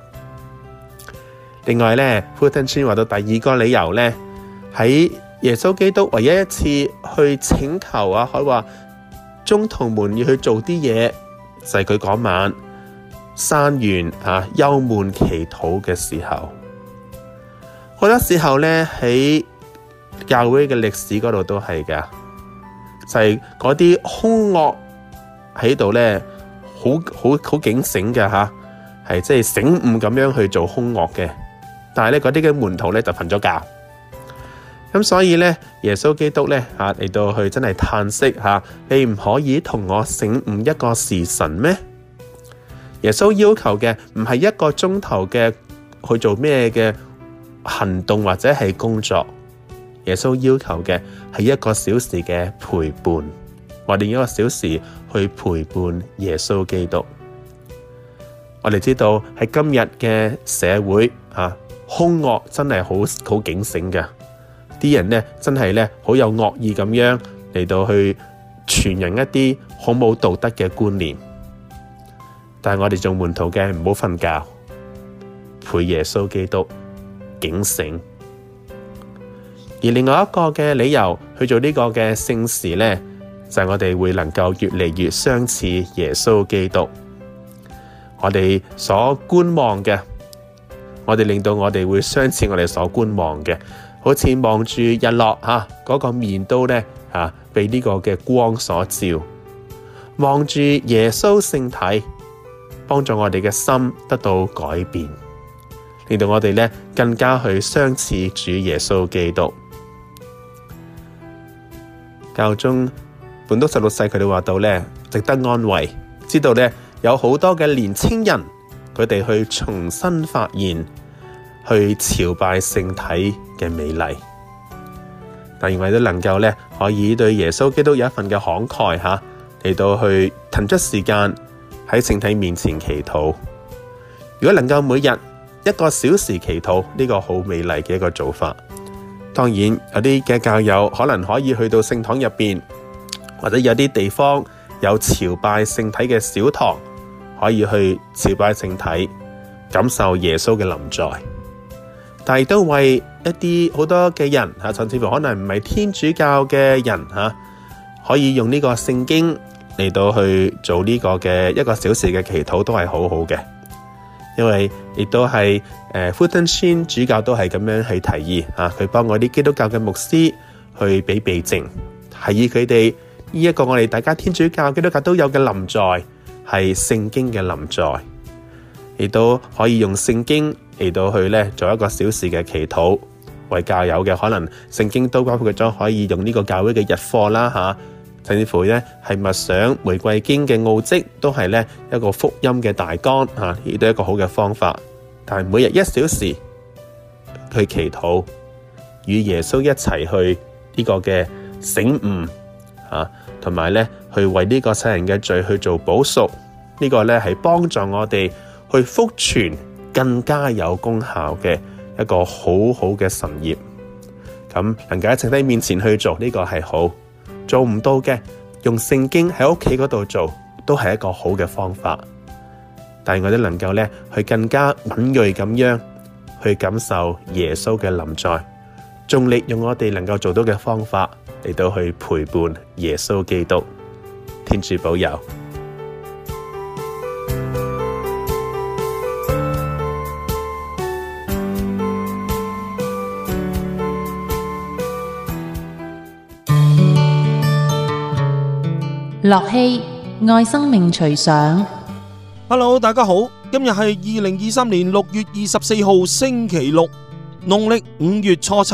另外呢 Putin 先話到第二個理由呢，喺耶穌基督唯一一次去請求啊，佢話宗徒們要去做啲嘢，就係、是、佢嗰晚山園啊，憂悶祈禱嘅時候。好多時候呢，喺教會嘅歷史嗰度都係噶，就係嗰啲凶惡喺度咧，好好好警醒嘅吓，係即係醒悟咁樣去做凶惡嘅。但係咧，嗰啲嘅門徒咧就瞓咗覺，咁所以咧，耶穌基督咧啊嚟到去真係嘆息吓，啊，你唔可以同我醒悟一個時辰咩？耶穌要求嘅唔係一個鐘頭嘅去做咩嘅行動或者係工作，耶穌要求嘅係一個小時嘅陪伴，或另一個小時去陪伴耶穌基督。我哋知道喺今日嘅社會啊。兇惡真係好好警醒嘅，啲人呢真係呢好有惡意咁樣嚟到去傳揚一啲好冇道德嘅觀念。但係我哋做門徒嘅唔好瞓覺，陪耶穌基督警醒。而另外一個嘅理由去做呢個嘅聖事呢，就係我哋會能夠越嚟越相似耶穌基督，我哋所觀望嘅。我哋令到我哋會相似我哋所觀望嘅，好似望住日落吓，嗰、啊嗰個面都咧吓、啊、被呢個嘅光所照，望住耶穌聖體，幫助我哋嘅心得到改變，令到我哋咧更加去相似主耶穌基督。教宗本篤十六世佢哋話到咧，值得安慰，知道咧有好多嘅年青人。佢哋去重新發現，去朝拜聖體嘅美麗，但因為都能夠咧，可以對耶穌基督有一份嘅慷慨吓，嚟到去騰出時間喺聖體面前祈禱。如果能夠每日一個小時祈禱，呢、這個好美麗嘅一個做法。當然有啲嘅教友可能可以去到聖堂入邊，或者有啲地方有朝拜聖體嘅小堂。可以去朝拜聖體，感受耶穌嘅臨在，但係都為一啲好多嘅人吓，甚至乎可能唔係天主教嘅人吓，可以用呢個聖經嚟到去做呢個嘅一個小時嘅祈禱，都係好好嘅。因為亦都係誒，富登宣主教都係咁樣去提議啊，佢幫我啲基督教嘅牧師去俾避靜，係以佢哋呢一個我哋大家天主教、基督教都有嘅臨在。係聖經嘅臨在，亦都可以用聖經嚟到去咧做一個小時嘅祈禱，為教友嘅可能聖經都包括咗，可以用呢個教會嘅日課啦吓，甚至乎咧係默想玫瑰經嘅奧跡，都係咧一個福音嘅大綱吓，亦都係一個好嘅方法。但係每日一小時去祈禱，與耶穌一齊去呢個嘅醒悟吓。同埋咧，去為呢個世人嘅罪去做補贖，這個、呢個咧係幫助我哋去福傳更加有功效嘅一個很好好嘅神業。咁、嗯、能夠喺聖體面前去做呢，這個係好，做唔到嘅用聖經喺屋企嗰度做都係一個好嘅方法。但係我哋能夠咧去更加敏銳咁樣去感受耶穌嘅臨在。仲利用我哋能夠做到嘅方法嚟到去陪伴耶穌基督，天主保佑。駱曦愛生命隨想，Hello，大家好，今日係二零二三年六月二十四號星期六，農曆五月初七。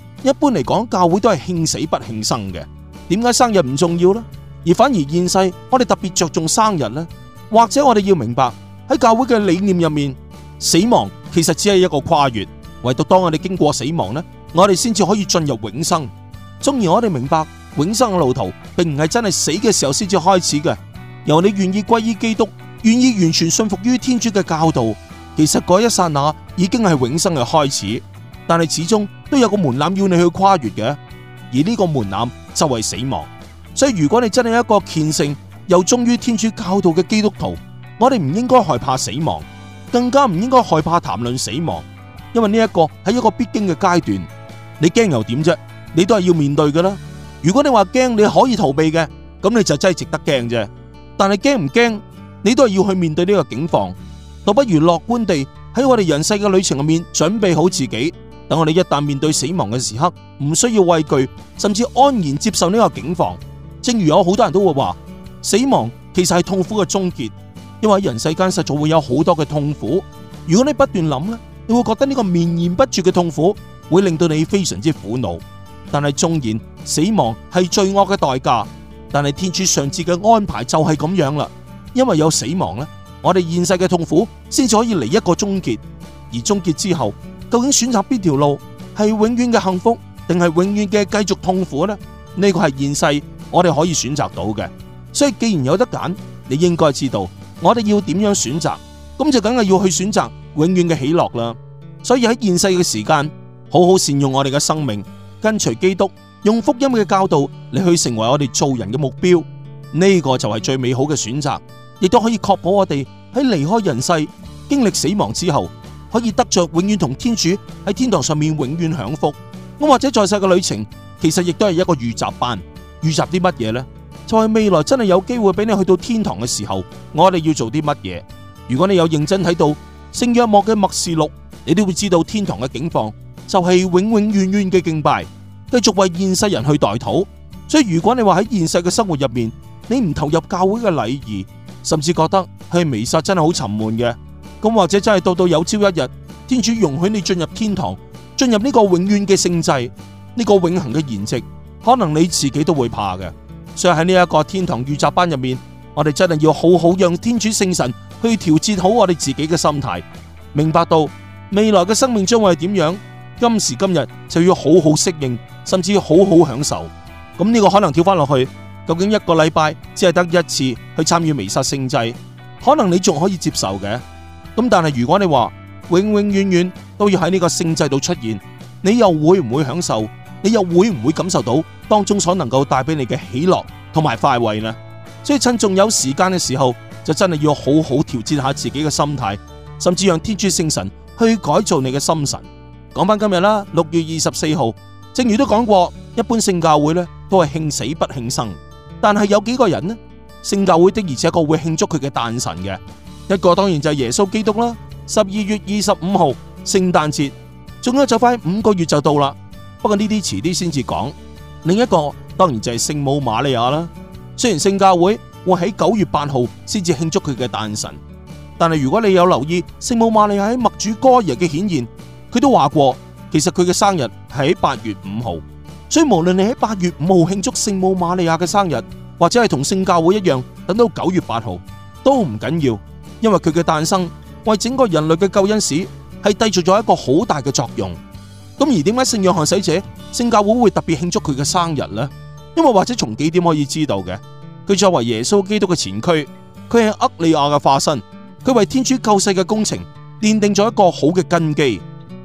一般嚟講，教會都係慶死不慶生嘅。點解生日唔重要呢？而反而現世，我哋特別着重生日呢？或者我哋要明白喺教會嘅理念入面，死亡其實只係一個跨越。唯獨當我哋經過死亡呢，我哋先至可以進入永生。縱然我哋明白永生嘅路途，並唔係真係死嘅時候先至開始嘅。由你願意歸依基督，願意完全信服於天主嘅教導，其實嗰一剎那已經係永生嘅開始。但係始終都有個門檻要你去跨越嘅，而呢個門檻就係死亡。所以如果你真係一個虔誠又忠於天主教導嘅基督徒，我哋唔應該害怕死亡，更加唔應該害怕談論死亡，因為呢一個係一個必經嘅階段。你驚又點啫？你都係要面對㗎啦。如果你話驚，你可以逃避嘅，咁你就真係值得驚啫。但係驚唔驚，你都係要去面對呢個境況。倒不如樂觀地喺我哋人世嘅旅程入面準備好自己。等我哋一旦面對死亡嘅時刻，唔需要畏懼，甚至安然接受呢個警防。正如有好多人都會話，死亡其實係痛苦嘅終結，因為喺人世間實在會有好多嘅痛苦。如果你不斷諗呢，你會覺得呢個綿延不絕嘅痛苦會令到你非常之苦惱。但係縱然死亡係罪惡嘅代價，但係天主上智嘅安排就係咁樣啦，因為有死亡呢，我哋現世嘅痛苦先至可以嚟一個終結，而終結之後。究竟選擇邊條路係永遠嘅幸福，定係永遠嘅繼續痛苦呢？呢個係現世我哋可以選擇到嘅，所以既然有得揀，你應該知道我哋要點樣選擇，咁就梗係要去選擇永遠嘅喜樂啦。所以喺現世嘅時間，好好善用我哋嘅生命，跟隨基督，用福音嘅教導嚟去成為我哋做人嘅目標，呢個就係最美好嘅選擇，亦都可以確保我哋喺離開人世，經歷死亡之後。可以得着永遠同天主喺天堂上面永遠享福。我或者在世嘅旅程，其實亦都係一個預習班，預習啲乜嘢呢？就係、是、未來真係有機會俾你去到天堂嘅時候，我哋要做啲乜嘢？如果你有認真睇到聖若望嘅默示錄，你都會知道天堂嘅境況就係永永遠遠嘅敬拜，繼續為現世人去代禱。所以如果你話喺現世嘅生活入面，你唔投入教會嘅禮儀，甚至覺得去彌撒真係好沉悶嘅。咁或者真係到到有朝一日，天主容許你進入天堂，進入呢個永遠嘅聖祭，呢個永恆嘅筵席，可能你自己都會怕嘅。所以喺呢一個天堂預習班入面，我哋真係要好好讓天主聖神去調節好我哋自己嘅心態，明白到未來嘅生命將會係點樣。今時今日就要好好適應，甚至要好好享受。咁呢個可能跳翻落去，究竟一個禮拜只係得一次去參與彌撒聖祭，可能你仲可以接受嘅。咁但係如果你話永永遠遠都要喺呢個聖祭度出現，你又會唔會享受？你又會唔會感受到當中所能夠帶俾你嘅喜樂同埋快慰呢？所以趁仲有時間嘅時候，就真係要好好調節下自己嘅心態，甚至讓天主聖神去改造你嘅心神。講翻今日啦，六月二十四號，正如都講過，一般聖教會呢都係慶死不慶生，但係有幾個人呢？聖教會的而且確會慶祝佢嘅誕辰嘅。一個當然就係耶穌基督啦，十二月二十五號聖誕節，仲有就快五個月就到啦。不過呢啲遲啲先至講。另一個當然就係聖母瑪利亞啦。雖然聖教會會喺九月八號先至慶祝佢嘅誕辰，但係如果你有留意聖母瑪利亞喺默主哥耶嘅顯現，佢都話過其實佢嘅生日係喺八月五號。所以無論你喺八月五號慶祝聖母瑪利亞嘅生日，或者係同聖教會一樣等到九月八號，都唔緊要。因為佢嘅誕生為整個人類嘅救恩史係締造咗一個好大嘅作用。咁而點解聖若翰洗者聖教會會特別慶祝佢嘅生日呢？因為或者從幾點可以知道嘅，佢作為耶穌基督嘅前驅，佢係厄里亞嘅化身，佢為天主救世嘅工程奠定咗一個好嘅根基。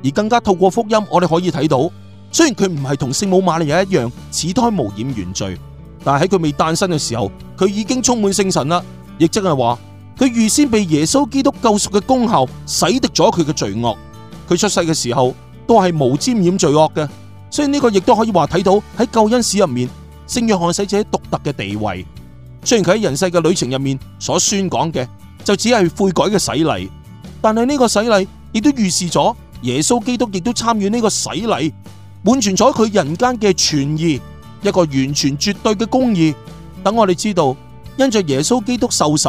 而更加透過福音，我哋可以睇到，雖然佢唔係同聖母瑪利亞一樣，始胎無染原罪，但係喺佢未誕生嘅時候，佢已經充滿聖神啦。亦即係話。佢預先被耶穌基督救贖嘅功效洗滌咗佢嘅罪惡。佢出世嘅時候都係無沾染罪惡嘅，所以呢個亦都可以話睇到喺救恩史入面，聖約翰洗者獨特嘅地位。雖然佢喺人世嘅旅程入面所宣講嘅就只係悔改嘅洗禮，但係呢個洗禮亦都預示咗耶穌基督亦都參與呢個洗禮，滿全咗佢人間嘅全義，一個完全絕對嘅公義。等我哋知道，因着耶穌基督受洗。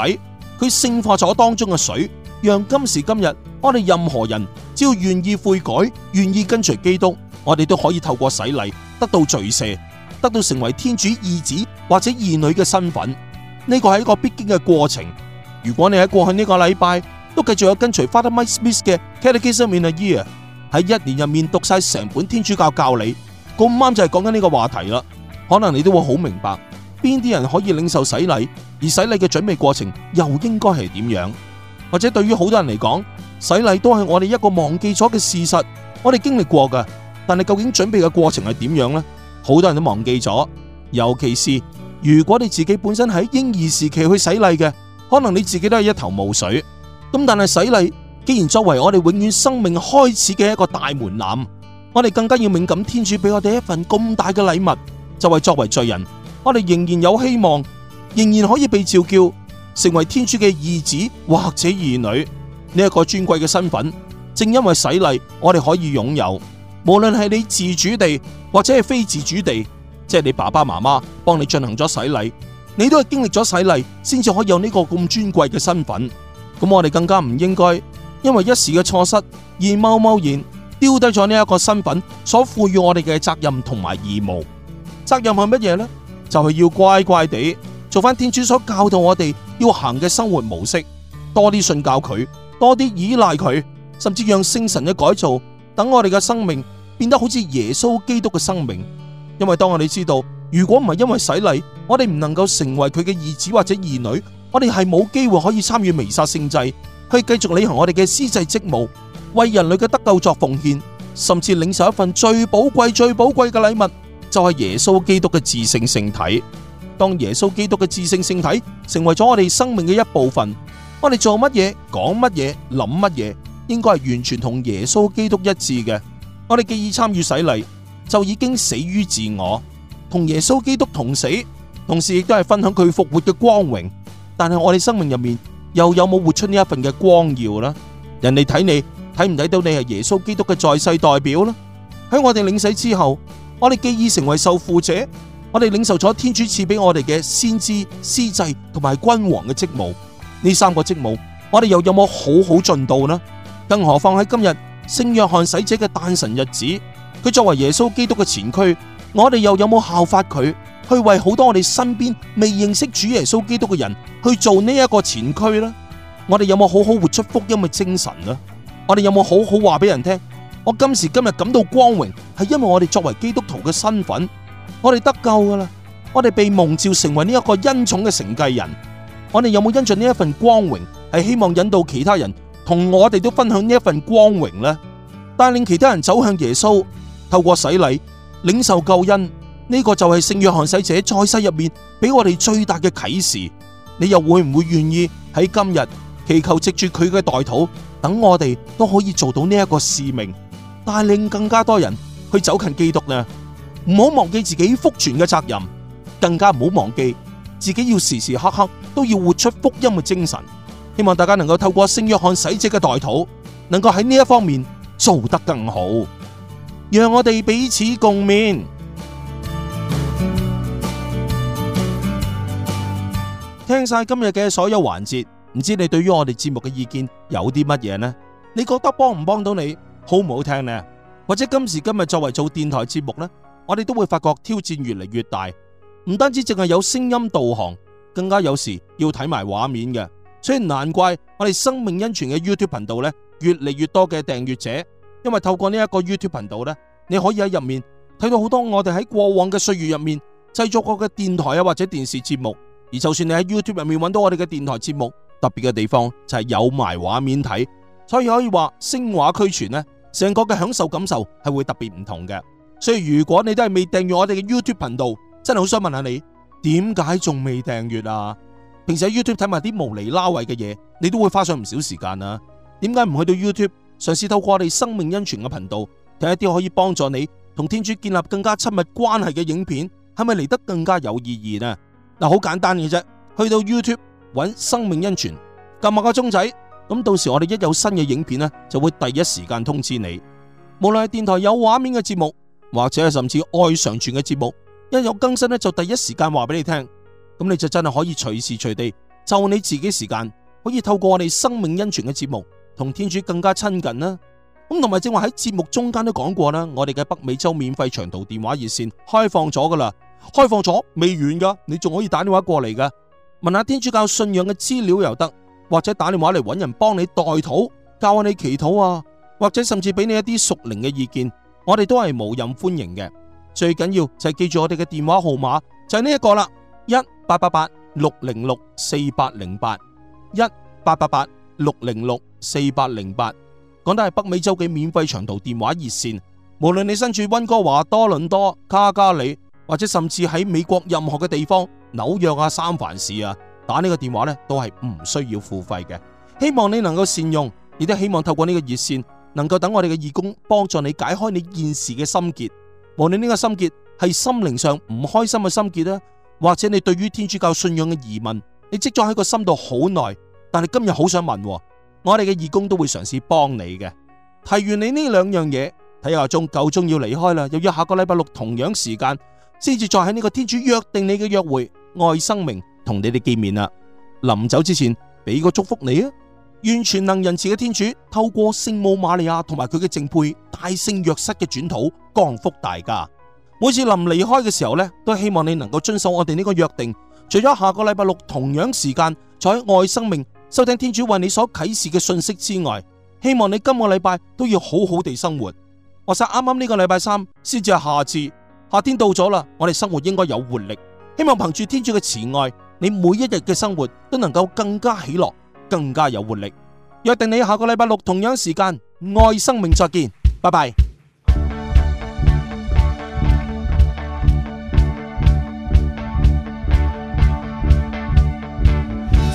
佢聖化咗當中嘅水，讓今時今日我哋任何人只要願意悔改，願意跟隨基督，我哋都可以透過洗禮得到罪赦，得到成為天主義子或者義女嘅身份。呢個係一個必經嘅過程。如果你喺過去呢個禮拜都繼續有跟隨 Father Mike Schmitz 嘅 Catechism in a Year，喺一年入面讀晒成本天主教教理，咁啱就係講緊呢個話題啦。可能你都會好明白。邊啲人可以領受洗禮，而洗禮嘅準備過程又應該係點樣？或者對於好多人嚟講，洗禮都係我哋一個忘記咗嘅事實，我哋經歷過噶，但係究竟準備嘅過程係點樣呢？好多人都忘記咗。尤其是如果你自己本身喺嬰兒時期去洗禮嘅，可能你自己都係一頭霧水。咁但係洗禮，既然作為我哋永遠生命開始嘅一個大門檻，我哋更加要敏感天主俾我哋一份咁大嘅禮物，就為作為罪人。我哋仍然有希望，仍然可以被召叫成為天主嘅兒子或者兒女呢一、這個尊貴嘅身份，正因為洗禮，我哋可以擁有。無論係你自主地或者係非自主地，即、就、係、是、你爸爸媽媽幫你進行咗洗禮，你都係經歷咗洗禮，先至可以有呢個咁尊貴嘅身份。咁我哋更加唔應該因為一時嘅錯失而貿貿然丟低咗呢一個身份所賦予我哋嘅責任同埋義務。責任係乜嘢咧？就係要乖乖地做翻天主所教導我哋要行嘅生活模式多，多啲信教佢，多啲依賴佢，甚至讓聖神嘅改造，等我哋嘅生命變得好似耶穌基督嘅生命。因為當我哋知道，如果唔係因為洗禮，我哋唔能夠成為佢嘅兒子或者兒女，我哋係冇機會可以參與彌撒聖祭，去繼續履行我哋嘅司祭職務，為人類嘅得救作奉獻，甚至領受一份最寶貴、最寶貴嘅禮物。就係耶穌基督嘅自性聖體。當耶穌基督嘅自性聖體成為咗我哋生命嘅一部分，我哋做乜嘢、講乜嘢、諗乜嘢，應該係完全同耶穌基督一致嘅。我哋既已參與洗禮，就已經死於自我，同耶穌基督同死，同時亦都係分享佢復活嘅光榮。但係我哋生命入面又有冇活出呢一份嘅光耀呢？人哋睇你睇唔睇到你係耶穌基督嘅在世代表呢？喺我哋領洗之後。我哋既已成為受傅者，我哋領受咗天主賜俾我哋嘅先知、司祭同埋君王嘅職務，呢三個職務，我哋又有冇好好盡到呢？更何況喺今日聖若翰洗者嘅誕辰日子，佢作為耶穌基督嘅前驅，我哋又有冇效法佢去為好多我哋身邊未認識主耶穌基督嘅人去做呢一個前驅呢？我哋有冇好好活出福音嘅精神呢？我哋有冇好好話俾人聽？我今時今日感到光榮，係因為我哋作為基督徒嘅身份，我哋得救噶啦，我哋被蒙召成為呢一個恩寵嘅承繼人。我哋有冇恩准呢一份光榮，係希望引導其他人同我哋都分享呢一份光榮呢？帶領其他人走向耶穌，透過洗禮領受救恩，呢個就係聖若翰洗者在世入面俾我哋最大嘅啟示。你又會唔會願意喺今日祈求藉住佢嘅代禱，等我哋都可以做到呢一個使命？帶領更加多人去走近基督呢？唔好忘記自己福傳嘅責任，更加唔好忘記自己要時時刻刻都要活出福音嘅精神。希望大家能夠透過聖約翰洗者嘅代禱，能夠喺呢一方面做得更好。讓我哋彼此共勉。聽晒今日嘅所有環節，唔知你對於我哋節目嘅意見有啲乜嘢呢？你覺得幫唔幫到你？好唔好聽呢？或者今時今日作為做電台節目呢，我哋都會發覺挑戰越嚟越大。唔單止淨係有聲音導航，更加有時要睇埋畫面嘅，所以難怪我哋生命恩泉嘅 YouTube 頻道呢，越嚟越多嘅訂閱者。因為透過呢一個 YouTube 頻道呢，你可以喺入面睇到好多我哋喺過往嘅歲月入面製作過嘅電台啊，或者電視節目。而就算你喺 YouTube 入面搵到我哋嘅電台節目，特別嘅地方就係有埋畫面睇，所以可以話聲畫俱全呢。成個嘅享受感受係會特別唔同嘅，所以如果你都係未訂閱我哋嘅 YouTube 頻道，真係好想問下你點解仲未訂閱啊？平時喺 YouTube 睇埋啲無厘拉位嘅嘢，你都會花上唔少時間啊？點解唔去到 YouTube 嘗試透過我哋生命恩泉嘅頻道睇一啲可以幫助你同天主建立更加親密關係嘅影片，係咪嚟得更加有意義呢？嗱，好簡單嘅啫，去到 YouTube 搵生命恩泉撳下個鐘仔。咁到時我哋一有新嘅影片呢，就會第一時間通知你。無論係電台有畫面嘅節目，或者係甚至愛上傳嘅節目，一有更新呢，就第一時間話俾你聽。咁你就真係可以隨時隨地就你自己時間，可以透過我哋生命恩泉嘅節目，同天主更加親近啦。咁同埋正話喺節目中間都講過啦，我哋嘅北美洲免費長途電話熱線開放咗噶啦，開放咗未完噶，你仲可以打電話過嚟㗎，問下天主教信仰嘅資料又得。或者打電話嚟搵人幫你代禱、教下你祈禱啊，或者甚至俾你一啲屬靈嘅意見，我哋都係無任歡迎嘅。最緊要就係記住我哋嘅電話號碼，就係呢一個啦，一八八八六零六四八零八，一八八八六零六四八零八，講得係北美洲嘅免費長途電話熱線，無論你身處溫哥華、多倫多、卡加里，或者甚至喺美國任何嘅地方，紐約啊、三藩市啊。打呢個電話咧，都係唔需要付費嘅。希望你能夠善用，亦都希望透過呢個熱線，能夠等我哋嘅義工幫助你解開你現時嘅心結。無論呢個心結係心靈上唔開心嘅心結啦，或者你對於天主教信仰嘅疑問，你積咗喺個心度好耐，但係今日好想問，我哋嘅義工都會嘗試幫你嘅。提完你呢兩樣嘢，睇下鐘，夠鐘要離開啦。又約下個禮拜六同樣時間，先至再喺呢個天主約定你嘅約會，愛生命。同你哋見面啦。臨走之前，俾個祝福你啊！願全能仁慈嘅天主透過聖母瑪利亞同埋佢嘅淨配大聖若瑟嘅轉禱，降福大家。每次臨離開嘅時候呢，都希望你能夠遵守我哋呢個約定。除咗下個禮拜六同樣時間在愛生命收聽天主為你所啟示嘅信息之外，希望你今個禮拜都要好好地生活。話晒啱啱呢個禮拜三先至係夏至。夏天到咗啦，我哋生活應該有活力。希望憑住天主嘅慈愛。你每一日嘅生活都能夠更加喜樂，更加有活力。約定你下個禮拜六同樣時間，愛生命再見，拜拜。